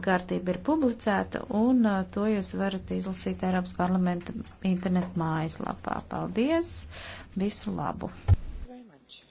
darba kārtība ir publicēta, un uh, to jūs varat izlasīt Eiropas parlamenta internetu mājaslapā. Paldies! Visu labu! Very much.